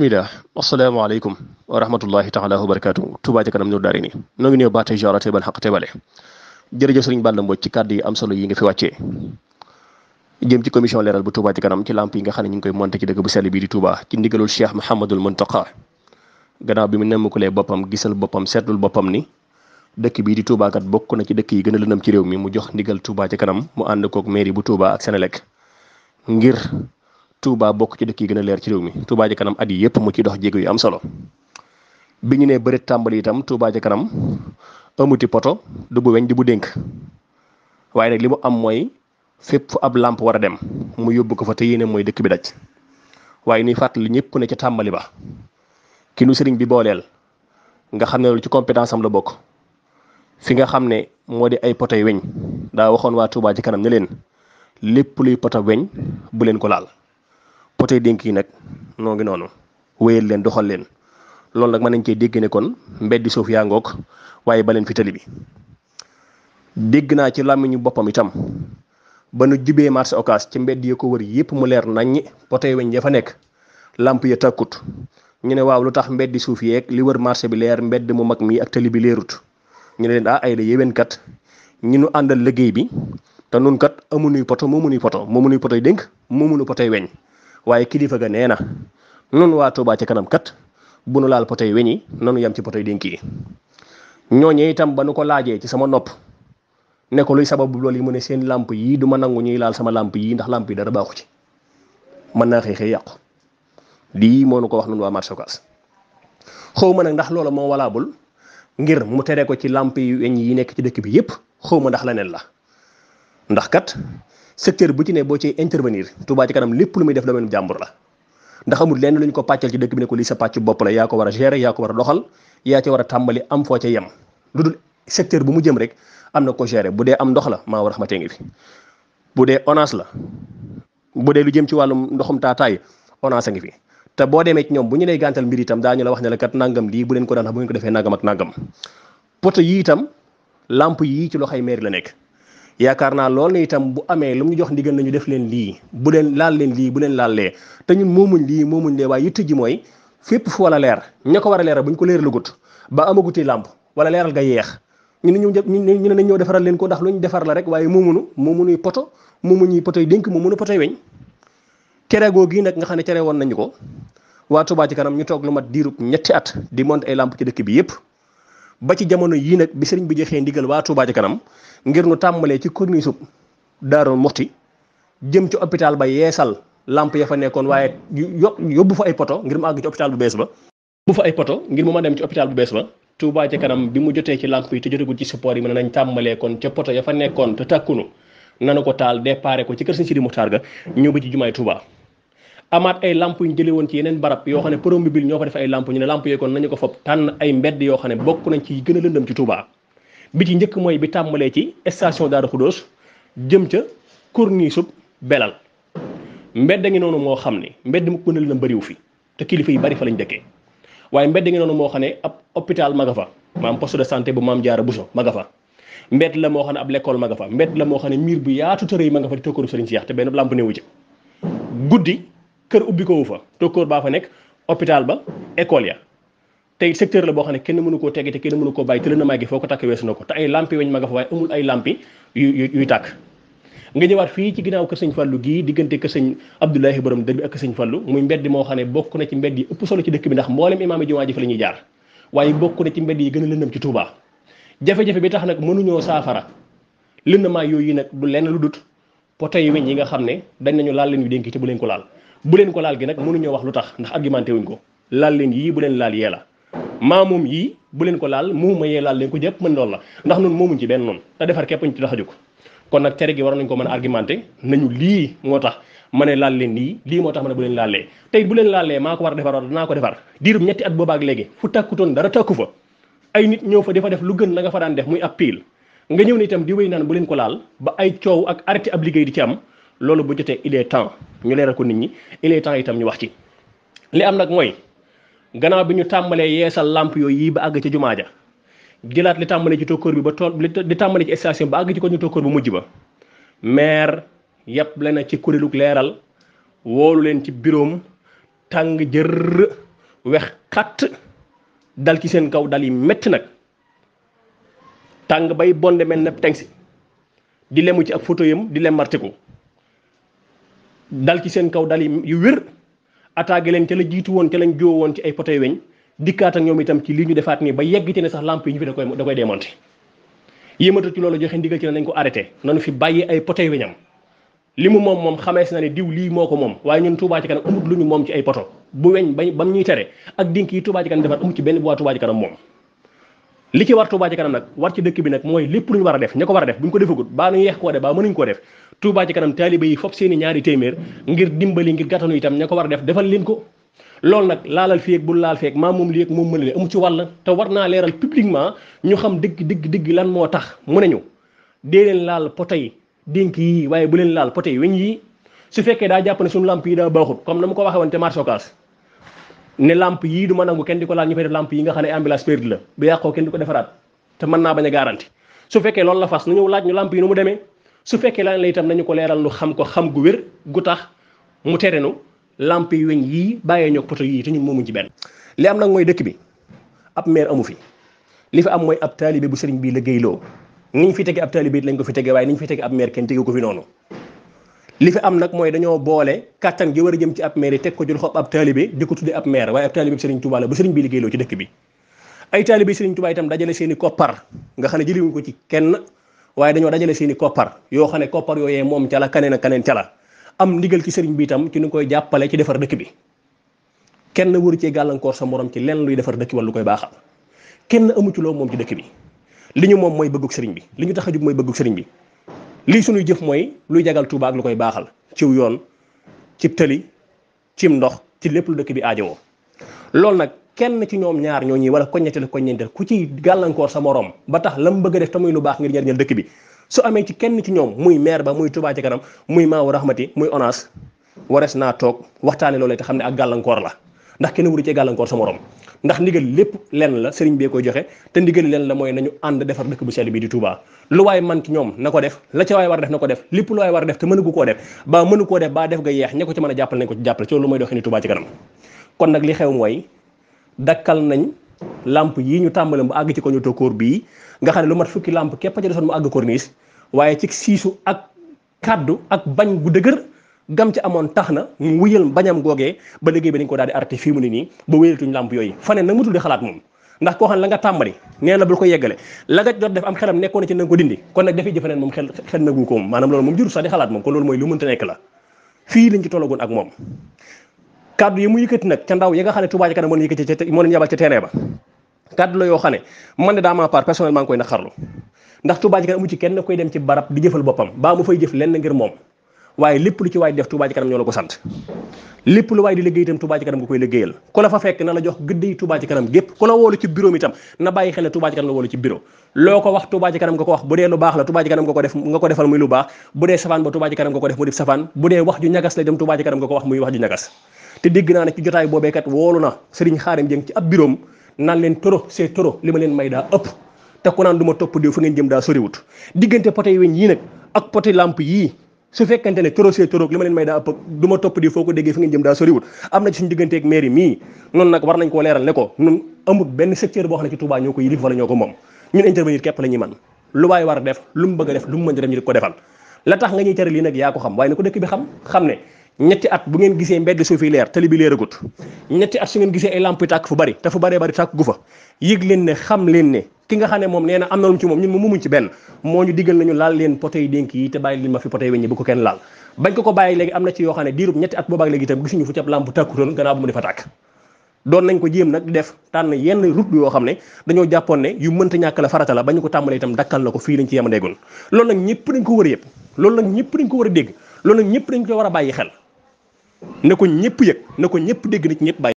bismillah asalaamaaleykum wa rahmatullahi taala wa barakatu Touba ca kanam Nour daari ni noo ngi néew baatey jora te ban xaq tebale jërëjëf sëriñ Balla Mbodj ci kàddu yi am solo yi nga fi wàccee jëm ci commission leeral bu Touba ci kanam ci lamp yi nga xam ne ñu ngi koy monté ci dëkk bu sell bii di Touba ci ndigalul Cheikh Mouhamadul Mountakha gannaaw bi mu nemmukulee boppam gisal boppam seetlul boppam ni dëkk bii di Touba kat bokk na ci dëkk yi gën a lëndëm ci réew mi mu jox ndigal Touba ci kanam mu ànd koog mairie bu Touba ak Senelec ngir tuubaa bokk ci dëkk yi gën a leer ci réew mi Touba Ca Kanam at yi yëpp mu ci dox jéego yu am solo bi ñu nee bëri tàmbali itam Touba Ca Kanam amuti poto du bu weñ di bu dénk waaye nag li mu am mooy fépp ab làmp war a dem mu yóbbu ko fa te mooy dëkk bi daj waaye ni fàttali ñëpp ne ca tàmbali ba ki nu sëriñ bi booleel nga xam ne loolu ci compétence am la bokk fi nga xam ne moo di ay poto yu weñ daa waxoon waa Touba ji Kanam ne leen lépp luy poto weñ bu leen ko laal. potee dénk yi nag noo noonu wéyal leen doxal leen loolu nag mën nañ cee dégg ne mbeddi suuf yaa ngoog waaye baleen fi tali bi dégg naa ci làmmiñu boppam itam ba nu jubee marché Ocass ci mbedd ya ko wër yëpp mu leer naññi potee weñ ya fa nekk làmp ya takkut ñu ne waaw lu tax mbeddi suuf yeeg li wër marché bi leer mbedd mu mag mii ak tali bi leerut ñu ne leen ah ay la yéwén ñi nu àndal liggéey bi te nun kat amunuy poto moomunuy poto moom potoy dénk moomunuy potoy weñ waaye kilifa ga nee na nun waa Touba ci kanam kat bu nu laal potoy weñ yi nanu yem ci potoy dénk yi ñooñu itam ba nu ko laajee ci sama nopp ne luy sababu loolu yi mu ne seen làmp yii du ma nangu ñuy laal sama làmp yi ndax làmp yi dara baaxu ci mën naa xëy xëy yàqu lii moo nu ko wax nun waa marché Ocass xaw ma nag ndax loola moo walaabul ngir mu tere ko ci làmp yi weñ yi nekk ci dëkk bi yépp xaw ma ndax leneen la ndax kat secteur bu ci ne boo ci intervenir Touba ci kanam lépp lu muy def domaine bu jàmbur la ndax amul lenn lu ñu ko pàccal ci dëkk bi ne ko lii sa pàcc bopp la yaa ko war a gérer yaa ko war a doxal yaa ci war a tàmbali am foo ca yam lu dul secteur bu mu jëm rek am na ko gérer bu dee am ndox la maa war xamante ngi fi bu dee onage la bu dee lu jëm ci wàllum ndoxum taataay onage a ngi fi te boo demee ci ñoom bu ñu lay gàntal mbir itam ñu la wax ne la kat nangam lii bu leen ko daan bu ngeen ko defee nangam ak nangam poto yi itam lamp yii ci loxoy mairie la nekk yaakaar naa loolu ne itam bu amee lu mu jox ndigal nañu def leen lii bu leen laal leen lii bu leen laal lee te ñun moomuñ lii moomuñ lee waaye yitte ji mooy fépp fu wala leer ña ko war a leeral bu ko leer lugut ba amaguti làmp wala leeral ga yeex ñu ne ñu ñu ne nañ ñoo defaral leen ko ndax lu ñu defar rek waaye moomunu moomunuy poto moomuñuy poto yi dénk moomunu poto yi weñ cere googu nag nga xam ne cere woon nañu ko waa Touba ci kanam ñu toog lu mat diirub ñetti at di monte ay làmp ci dëkk bi yëpp ba ci jamono yii nag bi sëriñ bi jeexee ndigal waa Touba ci kanam ngir nu tàmbalee ci corniche sub Daaru Muxti jëm ci hôpital ba yeesal lamp ya fa nekkoon waaye yóbbu fa ay poto ngir mu àgg ci hôpital bu bees ba bu fa ay poto ngir mu ci bu bees ba Touba ci kanam bi mu jotee ci lamp yi te jotagul ci support yi mën nañ tàmbalee kon ca poto ya fa nekkoon te tàkkunu nanu ko taal déparé ko ci kër Sëñ Sidi Muxtaar ga ñëw ba ci jumaay Touba amaat ay lamp yu ñu ci yeneen barab yoo xam ne promobile ñoo fa def ay lamp ñu ne lamp yooyu kon nañu ko fopp tànn ay mbedd yoo xam ne bokk nañ ci gën a lëndëm ci Touba bi ci njëkk mooy bi tàmbalee ci station Daaru Xudóos jëm ca corniche sub belal mbedd ngi noonu moo xam ne mbedd mu pënal la mbëriwu fi te kilifa yi bari fa lañ dëkkee waaye mbedd ngi noonu moo xam ne ab hôpital ma fa maam poste de santé bu maam jaar Bousso ma maga fa mbedd la moo xam ne ab lekkool maga nga fa mbedd la moo xam ne miir bu yaatu tërëy ma nga fa di tokkooru sëriñ si yax te benn làmp newu ci guddi kër ubbi ko fa tokkoor baa fa nekk hôpital ba école ya tey secteur la boo xam ne kenn mënu koo teggi te kenn mënu koo bàyyi tële na màggi foo ko takk weesu na ko te ay lampi weñ ma nga fa waaye amul ay lampi yu yuy tàkk nga ñëwaat fii ci ginnaaw kër sëñ Fallou gii diggante kër sëñ Abdoulahi borom dër bi ak kër sëñ muy mbedd moo xam ne bokk na ci mbedd yi ëpp solo ci dëkk bi ndax mboolem imaam yi jumaa ji fa la ñuy jaar waaye bokk na ci mbedd yi gën a lëndëm ci Touba jafe-jafe bi tax nag mënuñoo saafara lëndëmaa yooyu nag du lenn lu dut poto yi nga xam ne dañ nañu laal leen yu dénki bu leen ko laal bu leen ko laal gi nag mënuñoo wax lu tax ndax wuñ ko laal leen yii bu leen laal yee la maa moom yii bu leen ko laal moomuma yee laal leen ko jëpp mën loolu la ndax noon moomuñ ci benn noonu te defar kepp ñu ci tax ko jóg kon nag tere gi war nañ ko mën a argumenté nañu lii moo tax ma ne laal leen lii lii moo tax ma ne bu leen laalee tey bu leen laalee maa ko war a defar war danaa ko defar diirub ñetti at boobaak léegi fu tàkkutoon dara tàkku fa ay nit ñëw fa dafa def lu gën la nga fa daan def muy ab piil nga ñëw ne itam di wéy naan bu leen ko laal ba ay coow ak ab liggéey di ci am loolu bu jotee il temps ñu leeral ko nit ñi il est temps itam ñu wax ci li am nag mooy gannaaw bi ñu tàmbalee yeesal lamp yooyu yii ba àgg ci jumaa ja jëlaat li tàmbalee ci tokkoor bi ba tool li tàmbalee ci station ba àgg ci ko ñu tokkoor bu mujj ba maire yàpp leen ci kuréelug leeral woolu leen ci biroom tàng jër wex xatt dal ci seen kaw dal yi métti nag tàng bay bonde mel na tengsi di lemu ci ak foto yam di lem martiku dal ci seen kaw dal yi yu wér attaqué leen ca la jiitu woon ca lañ joo woon ci ay potoy weñ dikkaat ñoom itam ci lii ñu defaat nii ba yegg ci ne sax lamp yi ñu fi da koy da koy démonté yématu ci loolu joxe ndigal ci ne nañ ko arrêté nanu fi bàyyi ay potoy weñam li mu moom moom xamees na ne diw lii moo ko moom waaye ñun Touba ci kanam amut lu ñu moom ci ay poto bu weñ ba bam ñuy tere ak dink yi Touba ci kanam defar amut ci benn bu waa Touba ci kanam moom li ci war Touba ci bi mooy lépp lu ñu war a def ña baa ñu yeex koo def baa mënuñ def Touba ci kanam taaliba yi fop seeni ñaari téeméer ngir dimbali ngir gàttanu tam ña ko war a def defal leen ko lool nag laalal fii ak bul laal feek maa moom lii ak moom mën leen amu ci wàll te war naa leeral publiquement ñu xam dëgg dëgg dëgg lan moo tax mu nañu dee leen laal poto yi dénk yii waaye bu leen laal poto yi weñ yii su fekkee daa jàpp ne suñu lamp yi daa baaxut comme na ma ko waxee woon te marché Ocass ne lamp yii du nangu kenn di ko yi nga xam ne ambulance perdue la bu ko defaraat te mën naa bañ a garanti loolu la fas nu ñëw yi nu mu demee su fekkee lan la itam nañu ko leeral nu xam ko xam gu wér gu tax mu tere nu lampe weñ yii bàyyee ñoo poto yii te ñun moomuñ ci benn. li am nag mooy dëkk bi ab maire amu fi li fi am mooy ab taalibe bu sëriñ bii liggéeyloo niñ fi tege ab taalibe it lañ ko fi tege waaye niñ fi tege ab maire ko fi noonu. li fi am nag mooy dañoo boole kàttan gi war a jëm ci ab maire teg ko jël xob ab taalibe di ko tuddee ab maire waaye ab taalibe bi sëriñ Tuubaa la bu sëriñ bi liggéeyloo ci dëkk bi ay taalibe sëriñ Tuubaa itam dajale seen koppar nga xam ne jëliwuñ ko ci kenn waaye dañoo dajale seeni i koppar yoo xam ne koppar yooyee moom ca la kaneen ak kaneen ca la am ndigal ci sëriñ bi itam ci nu koy jàppale ci defar dëkk bi kenn wëru cee gàllankoor sa moroom ci lenn luy defar dëkk wala lu koy baaxal kenn amu moom ci dëkk bi li ñu moom mooy bëggug sëriñ bi li ñu tax a jug mooy bëggug sëriñ bi lii suñuy jëf mooy luy jagal Tuuba ak lu koy baaxal ciw yoon cib tëli cim ndox ci lépp lu dëkk bi aajowoo loolu nag kenn ci ñoom ñaar ñooñu wala koññetteel koññeenteel ku ci gàllankoor sa morom ba tax la mu bëgg a def lu baax ngir njëriñal dëkk amee ci kenn ci ñoom muy maire ba muy Touba ci kanam muy Maawu Rahmati muy ONAS warees naa toog waxtaane loolee te xam ne ak gàllankoor la ndax kenn wuru ci gàllankoor sa morom ndax ndigal lépp lenn la sëriñ bee koy joxe te ndigal lenn la mooy nañu ànd defar dëkk bu sell bi di Touba waay man ci ñoom ko def la waay war na ko def lépp lu war a def te mënugu koo def ba mënu koo def ba def nga yeex ko ci jàppale ko ci jàppale ci loolu mooy doxee ci kanam kon nag li xew mooy dakkal nañ lamp yi ñu tàmbale mu àgg ci ko ñu koor bii nga xam ne lu mat fukki lamp képp a ca desoon mu àgg corniche waaye ci siisu ak kaddu ak bañ gu dëgër gam ci amoon tax na mu wuyal bañam googee ba liggéey bi dañ ko daal di arrêté fii mu ne nii ba wéyatuñ lamp yooyu faneen nag mu tudd xalaat moom ndax koo xam ne la nga tàmbali nee na bul ko yeggale la nga jot def am xelam nekkoon na ci na ko dindi kon nag dafay jëfaneen moom xel xel ko moom maanaam loolu moom jurul sax di xalaat moom kon loolu mooy lu mënta nekk moom kaddu yi mu yëkkati nag ca ndaw yi nga xam ne Touba Ca Kanam moo leen yëkkati ca moo leen yabal ca terrain ba kaddu la yoo xam ne man de daa maa part personnellement koy naqarlu koy dem ci barab di baa mu fay jëf lenn ngir moom waaye lépp lu ci waay def Touba Ca Kanam ñoo la ko sant lépp lu waay di liggéey itam nga koy liggéeyal ku la fa fekk na la jox gëdd yi Kanam gépp ku la woolu ci bureau mi itam na bàyyi xel ne Touba Kanam la woolu ci bureau loo ko wax Touba Kanam nga ko wax bu dee lu baax la Touba Kanam nga ko def nga ko defal muy lu baax ba Touba ko def mu def safaan te dégg naa ne ci jotaay boobee kat woolu na Serigne Xaarim Dieng ci ab biroom naan leen toro c'est toro li ma leen may daa ëpp te ko naan du ma topp diw fu ngeen jëm daa soriwut diggante poté weñ yii nag ak poté yii su fekkente ne toro c'est toro li ma leen may daa topp diw foo ko déggee fu ngeen jëm na ci suñu digganteeg mairie mii war nañ koo leeral ne ko ñun amul benn secteur boo ne ci Touba ñoo ko yilif wala ko moom ñun intervenir képp la man lu waay war a def lu mu bëgg a def lu mu mën a def ñu ko defal la tax nga ñuy tere lii nag yaa ko xam waaye ne ko dëkk bi xam xam ne ñetti at bu ngeen gisee mbedd suuf yi leer tali bi leeragut ñetti at su ngeen gisee ay lamp yu tàkk fu bari te fu baree bari tàkk fa yëg leen ne xam leen ne ki nga xam ne moom nee na am na lu ci moom ñun mu ci benn moo ñu laal leen potey dénk yi te bàyyi li ma fi potey ko kenn laal bañ ko am ne diirub ñetti at boobaak léegi itam ko jéem def tànn yenn route yoo xam ne dañoo jàppoon ne ñàkk la farata la ko tàmbalee itam dakkal na ko fii lañ ci yem ñëpp dañ ko war a yëpp loolu nag ñëpp dañ ko war a dégg loolu nag ñëpp dañ ko war a bàyyi xel na ko ñëpp yëg na ko ñëpp dégg na ci ñëpp bàyyi